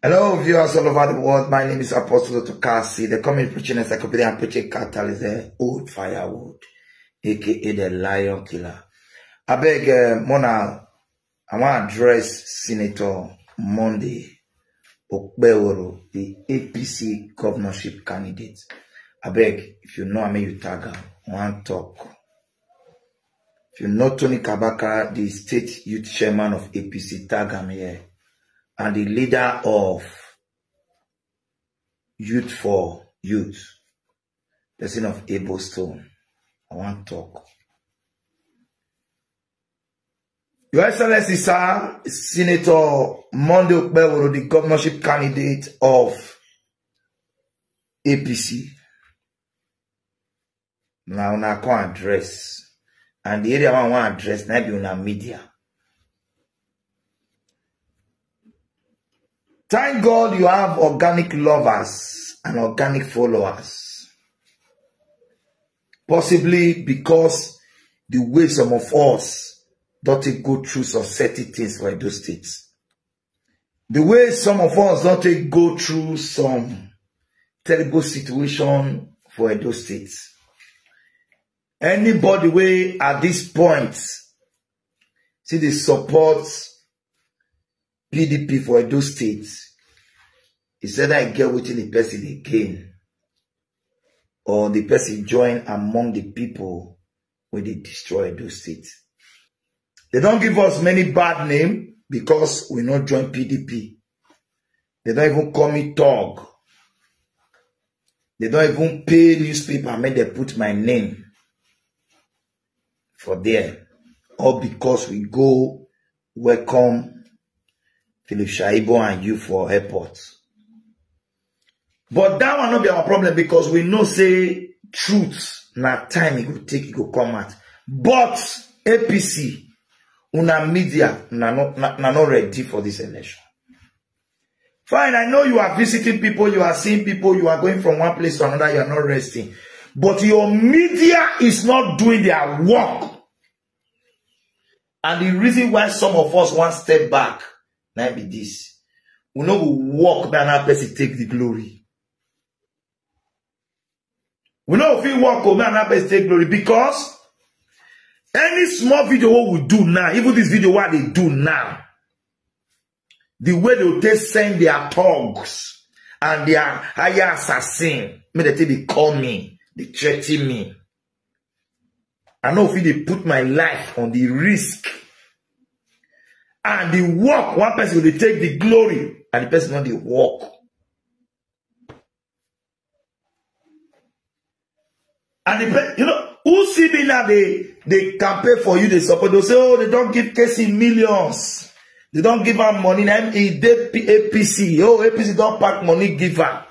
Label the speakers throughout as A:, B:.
A: Hello, viewers all over the world. My name is Apostle Tokasi, the Coming Preaching Encyclopedia and Preaching Catalyst, the Old Firewood, aka the Lion Killer. I beg, uh, Mona, I want to address Senator Monday Okbeworo, the APC governorship candidate. I beg, if you know I mean you tag him, one talk. If you know Tony Kabaka, the state youth chairman of APC, tag him here and the leader of Youth for Youth, person of Stone. I want to talk. Your Excellency, sir, Senator Monday Okpeworo, the governorship candidate of APC. Now, I can address. And the area I want to address, now be on media. Thank God you have organic lovers and organic followers. Possibly because the way some of us don't go through some certain things for those states. The way some of us don't go through some terrible situation for those states. Anybody way at this point, see the support PDP for Edo State. He said I get within the person again. Or the person join among the people when they destroy Edo State. They don't give us many bad name because we not join PDP. They don't even call me tog. They don't even pay newspaper. I mean, they put my name for there. All because we go welcome Philip Shaibo and you for airports, But that will not be our problem because we know say truth, na time it could take, it could come out. But APC, una media, na not, na, na not ready for this election. Fine, I know you are visiting people, you are seeing people, you are going from one place to another, you are not resting. But your media is not doing their work. And the reason why some of us want step back na be this we no go work that na person take the glory we know if we walk that na person take glory because any small video wey we do now even this video what they do now the way they take send their thugs and their higher assassin make they take dey call me they threaten me i know if they put my life on the risk and the work, one person will take the glory and the person on the work. And the, you know, who now? they, they campaign for you, they support, they say, oh, they don't give Casey millions. They don't give her money. Now, they APC. Oh, APC don't pack money, give up.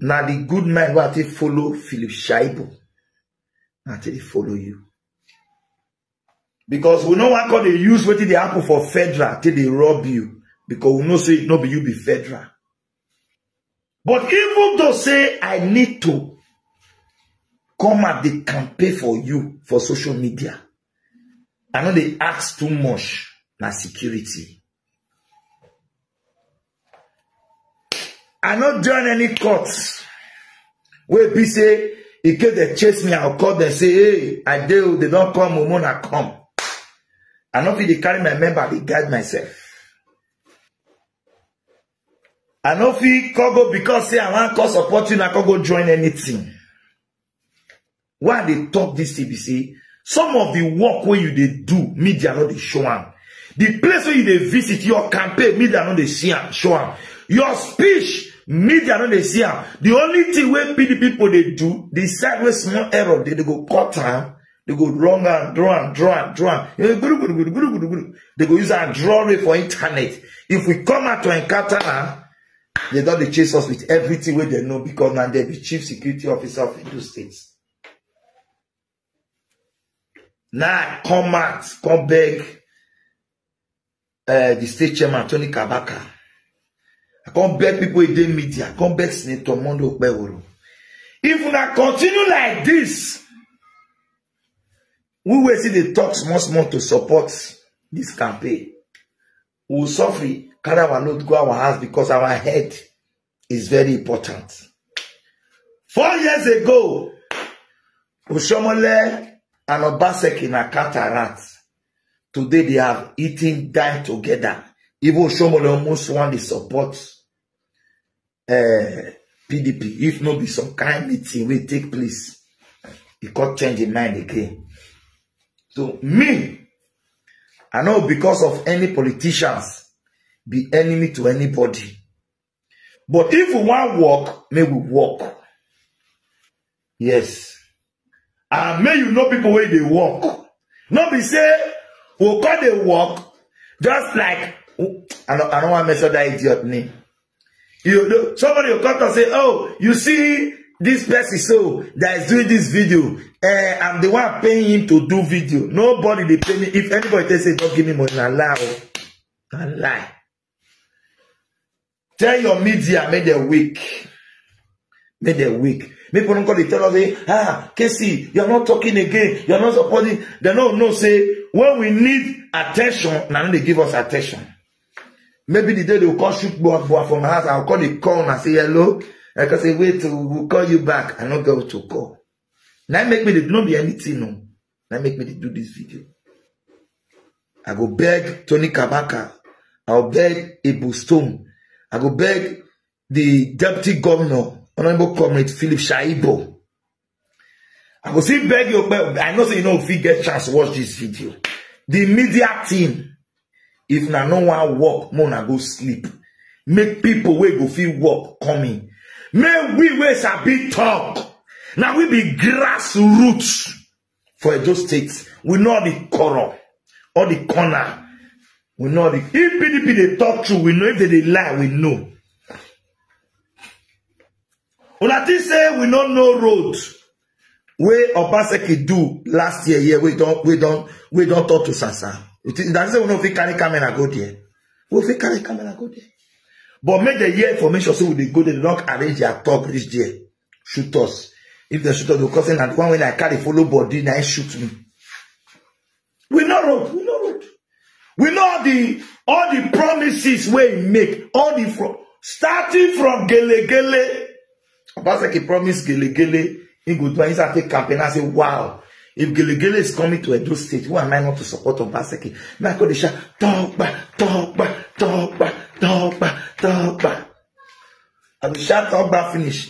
A: Now, the good man will follow Philip I until you, follow you. Because we know what God they use what they happen for federal till they rob you. Because we know say it not be you be federal. But even though say I need to come at the campaign for you for social media, I know they ask too much. My security. I not join any courts. Where be say in case they chase me, I'll call them say, hey, I do. Oh, they don't come, Mona come. I no fit dey carry my member dey guide myself. I no fit come go because say I want come support you, I come go join anything. Why they talk this thing some of the work where you dey do, media not dey show am. The place where you dey visit, your campaign, media not dey see am, show am. Your speech, media not dey see am. The only thing where PDP people dey do, the side small error they dey go cut am. They go wrong and draw and draw and draw. They go use and draw it for internet. If we come out to encounter now, they don't they chase us with everything where they know because now they be chief security officer of Edo states. Now come out, come beg uh, the state chairman Tony Kabaka. I come beg people in the media. I come beg Senator Mondo Okpeworo. If we continue like this, we will see the talks much more to support this campaign we suffer carry our load go our house because our head is very important four years ago Ushomole and obaseki na cataract today they have eaten die together even Ushomole almost wan the support uh, eh, pdp if not, be some kind meeting will take place e come change im mind again So me, I know because of any politicians, be enemy to anybody. But if we want work, may we work. Yes. And may you know people where they work. Not be say, we call the work, just like, I don't, I don't want to mention that idiot name. You, somebody will come and say, oh, you see, this person so that is doing this video uh, i'm the one paying him to do video nobody dey pay me if anybody tell say don't give me money na lie o na lie tell your media make dem wake make dem wake make people no come dey tell us say ah kc you are not talking again you are not supporting dem no know say when we need at ten tion na no dey give us at ten tion maybe the day they go come shoot gboagboa for my house i go come dey call una say hello I can say, wait, we'll call you back. I don't go to call. Now make me do not be anything. No. Now make me do this video. I go beg Tony Kabaka. I'll beg Ibu Stone. I go beg the deputy governor, Honorable Comrade Philip Shaibo. I go see beg you, but I know so you know if you get chance watch this video. The media team, if na no one work, more na go sleep. Make people wait go feel work coming. May we ways a big talk. Now we be grassroots for Edo State. We know the corner or the corner. We know the if PDP they talk true, we know if they, they lie, we know. Unati say we no know road. Wey Obaseki do last year, yeah, we don't we don't we don't talk to Sasa. It is that say we no fit carry camera go there. We fit carry camera go there. But make the year information so they go, they not arrange their talk this there. Shoot us. If they shoot us, they'll cause and one when I carry follow body, now shoot me.
B: We know, road. We know. road.
A: We know the all the promises we make, all the from starting from Gele Gele. Obaseki promised Gele Gele. He go do inside take campaign and say, wow. If Gelegele is coming to a do State, who am I not to support Obaseki? Now I go to shout, talk back, talk back, talk back, talk back. Tọ́gbà. Abisha Tọ́gbà finish.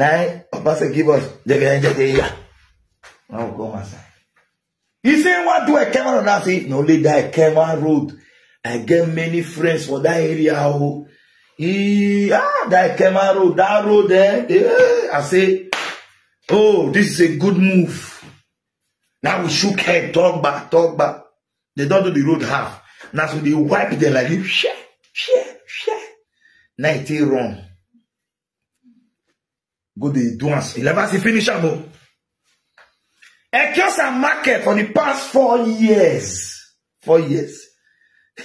A: Now, Obasa give us jẹgẹrẹ jẹgẹrẹ. Now go one side. He say what do I came out of that? Say, no, only that I came out road. I get many friends for that area. Oh, he, ah, that came out road, that road there. Eh, eh, I say, oh, this is a good move. Now we shook head, talk back, talk back. They don't do the road half. Now so they wipe them like this. Share, share na e run go the Duan's. He e never see finish am o ekiosa market for the past four years four years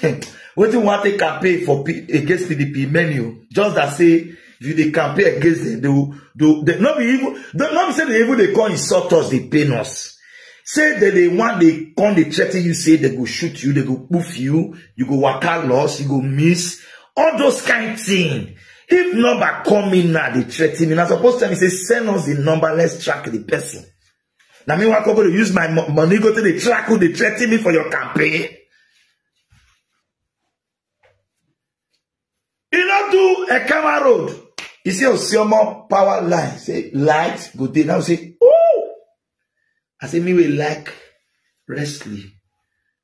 A: wetin Want to campaign for P against pdp menu just that say if you dey campaign against them they do they no be even they no be say they even they call insult us dey pain us say they want they dey come dey threa you say they go shoot you they go poof you you go walk out loss you go miss All those kind of things. If number come in now, they threaten me. Now, supposed to me say, send us the number, let's track the person. Now, meanwhile, walk over to use my money, go to the track who they threaten me for your campaign. You know, do a camera road. You see, more power line. Say, light, good day. Now say, oh! I say, me we like wrestling.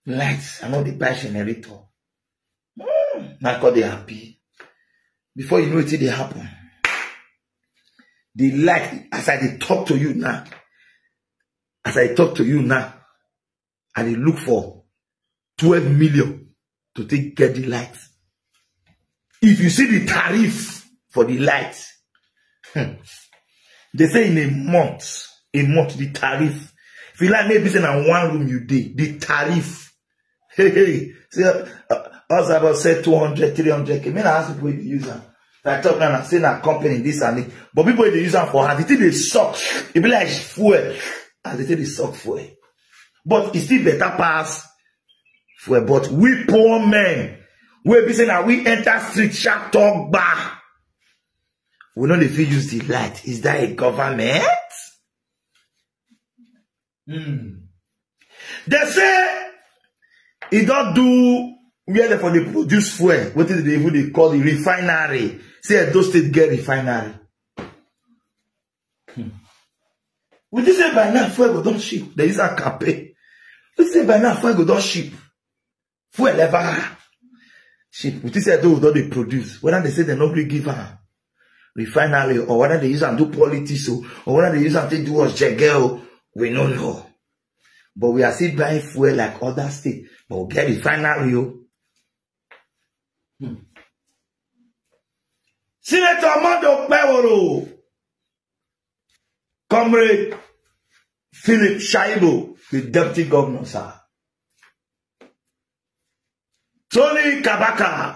A: Lights, I'm not the passion editor. Now call they happy. Before you know it, they happen. They like as I talk to you now. As I talk to you now, and they look for 12 million to take get the light. If you see the tariff for the light, hmm, they say in a month, a month the tariff. If you like maybe say in one room you did, the tariff. Hey, hey, uh, Us about say 200, 300 k. Me na ask people to use them. I talk now, say na company this and it. But people they use them for hand. The thing they suck. It be like fuel. And ah, the say they suck fuel. But it's e still better pass fuel. But we poor men, we be saying that we enter street shop, talk bar. We know if you use the light. Is that a government? Hmm. They say it e don't do where dem for dey produce fuel wetin dem even they call the refinery See, those state get refinery hmm. we dey say by now fuel go don't ship, dem is a campaign we dey say by now fuel go don't ship, fuel ever cheap we dey say those don dey produce whether they say dem not gree give am refinery or whether they use and do politics or whether they use and do us jege we don't know but we are still buying fuel like other states but we get refinery o
B: Senator Mando Peworo, Comrade Philip
A: Shaibu, the deputy governor, sir. Tony Kabaka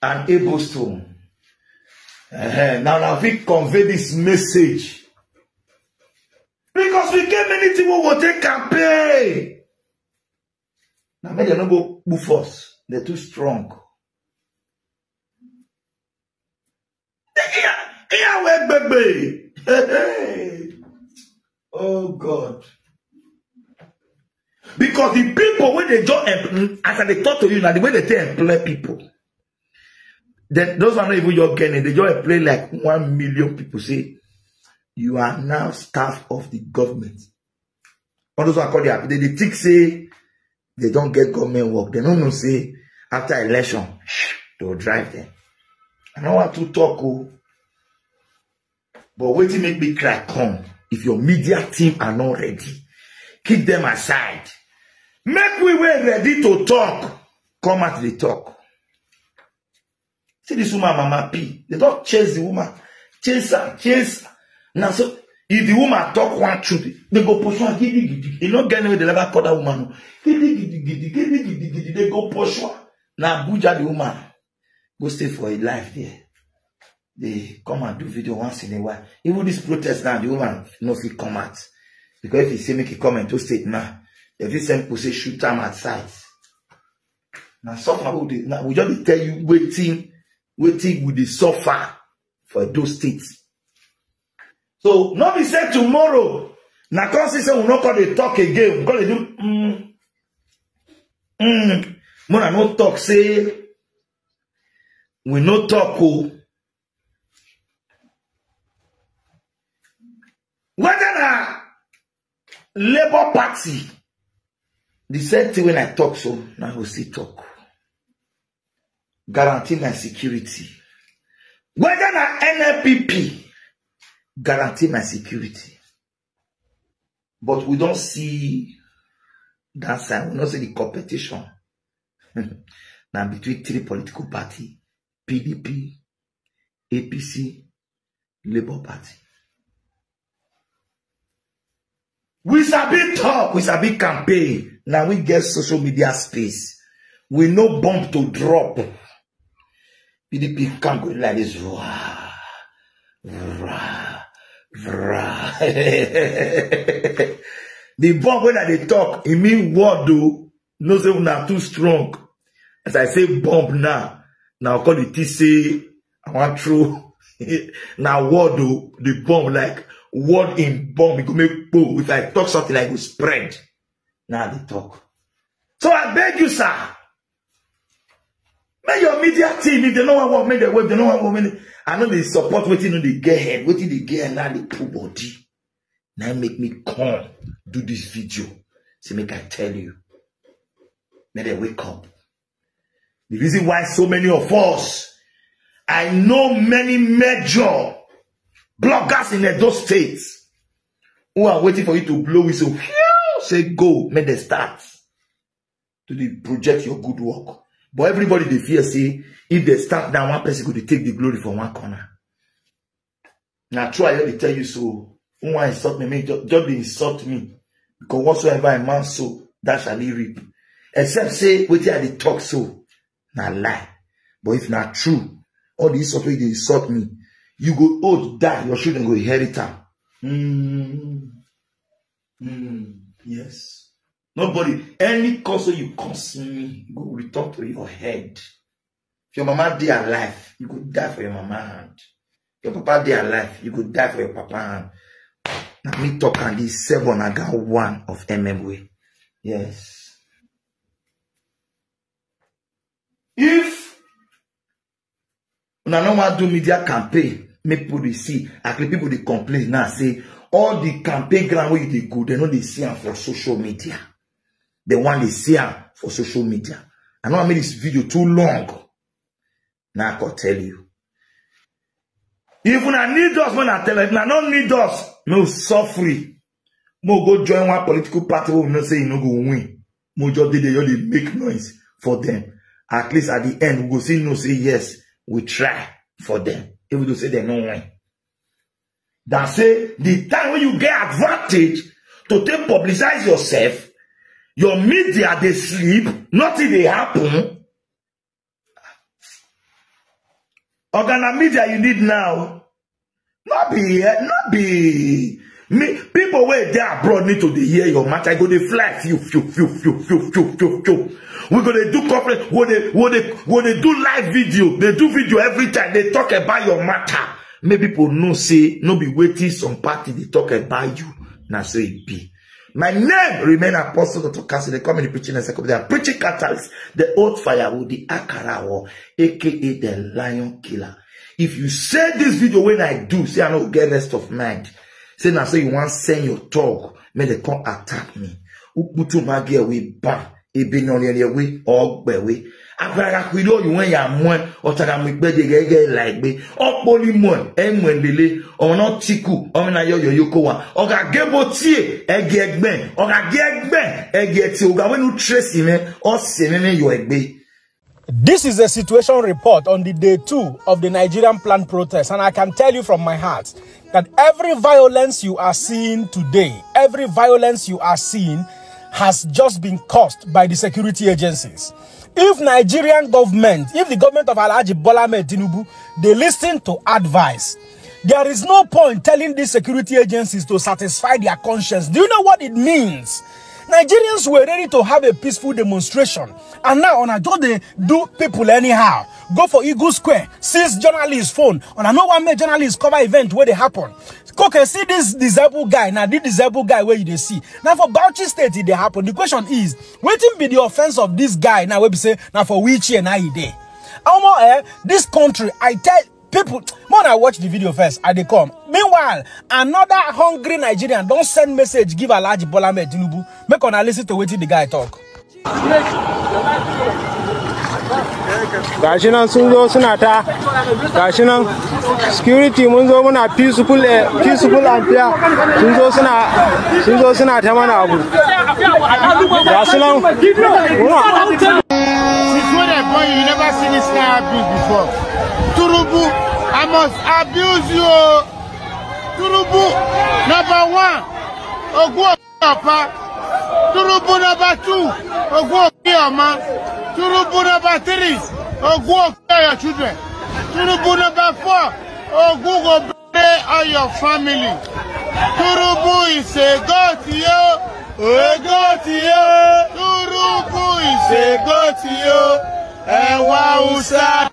A: and Abel Stone. Uh, now, now we convey this message. Because
B: we get many people will take campaign.
A: Now, may they not go move first. They're too strong. Yahweh,
B: baby. Oh
A: God. Because the people when they join employ, as they talk to you now, the way they tell employ people, then those are not even your getting. They just employ like one million people. Say, you are now staff of the government. All those are called the they, they think say they don't get government work They no know say after election they go drive them. i no want to talk o oh. but wetin make me cry come if your media team are not ready keep them aside make we were ready to talk come out the talk see this woman mama p They don't chase the woman chase her. chase Now so if the woman talk one truth they go pursue her gidi gidi e no get any way they never call that woman o
B: gidi gidi gidi gidi gidi gidi
A: they go pursue her na abuja the woman go stay for her life there dey come and do video once in a while even this protest now the woman no fit come out because if he say make he come into state now they fit send people say shoot am at sight na suffer we dey na we just dey tell you wetin wetin we dey suffer for edo state so no be say tomorrow na come see say we no come dey talk again we come dey do mm, mm. mona no talk say we no talk o whether na labour party the same thing when i talk so na i go still talk guarantee my security whether na nnpp guarantee my security. But we don't see that sign. We don't see the competition. now between three political parties, PDP, APC, Labour Party. We sabi talk, we sabi campaign. Now we get social media space. We no bump to drop. PDP can't go like this. Rah, rah. the bomb when I they talk, it e mean what do? No say not too strong. As I say bomb now, now call it TC. I want true. now what do the bomb like What in bomb? It e go make boom. If I talk something, I go spread. Now they talk. So I beg you, sir. May your media team, if they know what make the web, they know what make. I know they support waiting on the get head, waiting the get and now the poor body. Now make me come do this video. See, make I tell you. May they wake up. The reason why so many of us, I know many major bloggers in those states who are waiting for you to blow whistle. Say go, make they start to the project your good work. But everybody they fear say if they stand down, one person could take the glory from one corner. Now try let me tell you so. Who insult me, make just, just insult me. Because whatsoever a man sow, that shall he reap. Except say wait till they talk so. Now lie. But if not true, all the insult they insult me, you go old die, your children go inherit them. Mm. Mm-hmm. Mm. Mm-hmm. Yes. Nobody. Any counsel you curse me, go return to your head. If your mama dey alive, you could die for your mama hand. If your papa dey alive, you could die for your papa hand. Now me talk and this seven I got one of MMA. Yes. If una no wan do media campaign, make people dey see, actually people dey complain now say all the campaign ground where you go, they know they see am for social media. the one they see for social media. I know I made this video too long. Now I can tell you. If I need us when I tell you, if I don't need us, no suffering. Mo go join one political party We not say you no go win. Mo just did they make noise for them. At least at the end, we go see no say yes. We try for them. If we do say they no win. That say the time when you get advantage to take publicize yourself, Your media, they sleep. Nothing they happen. Organa media you need now. Not be, eh, not be. Me, people where they abroad need to they hear your match. I go they fly few, few, few, few, few, few, few, few. We go they do corporate. When they, when they, when they do live video, they do video every time. They talk about your matter. Make people know say, no be waiting some party they talk about you. Now say it e be. My name remain apostle to Cassidy. Come in preaching and second. They are preaching catalyst, the old firewood, the akarawo, aka the lion killer. If you say this video when I do, say I don't get rest of mind. Say now say you want send your talk, may they come attack me. Ukutu magia we ban, ebinyonia we, ogbe we. agbára kpiri ọyùnwó yà mọ ọtara mọ ikpe de gẹgẹ la ẹgbẹ ọkpọli mọ ẹmọ lele ọmọnà ọmọnà yọyọ yoko wa ọgá gẹbọ tie
B: ẹgẹ ẹgbẹ ọgá gẹ ẹgbẹ ẹgẹ ti ọgá wẹnu tracy mẹ ọsẹ mẹmẹ yọ ẹgbẹ. This is a situation report on the day two of the Nigerian planned protest, and I can tell you from my heart that every violence you are seeing today, every violence you are seeing has just been caused by the security agencies if nigerian government if the government of alhaji bola tinubu dey listen to advice there is no point telling these security agencies to satisfy their conscience do you know what it means Nigerians were ready to have a peaceful demonstration. And now, on a do they do people anyhow. Go for Eagle Square, seize journalists' phone. On a no one made journalists cover event where they happen. Okay, see this disabled guy. Now, this disabled guy where you they see. Now, for Bauchi State, it they happen. The question is, waiting be the offense of this guy. Now, we say, now for which year, now he there. Almost, eh, this country, I tell people when i watch the video first i dey come meanwhile another hungry nigerian don't send message give alhaji bola ahmed tinubu make una lis ten to wetin the guy talk. gashi nan sun zo suna ta gashi nan security mun zo muna peaceful eh, peaceful and fair sun zo suna sun zo suna ta mana abu gashi nan Before you never seen this kind now before. Turubu, I must abuse you. Oh. Turubu, number one, Oguopa. Turubu, number two, Oguopioma. Turubu, number three, Oguopia your children. Turubu, number four, Ogugo on your family. Turubu is a God to you. A God to you. Turubu is a God to you. Ẹ̀wà Hausa.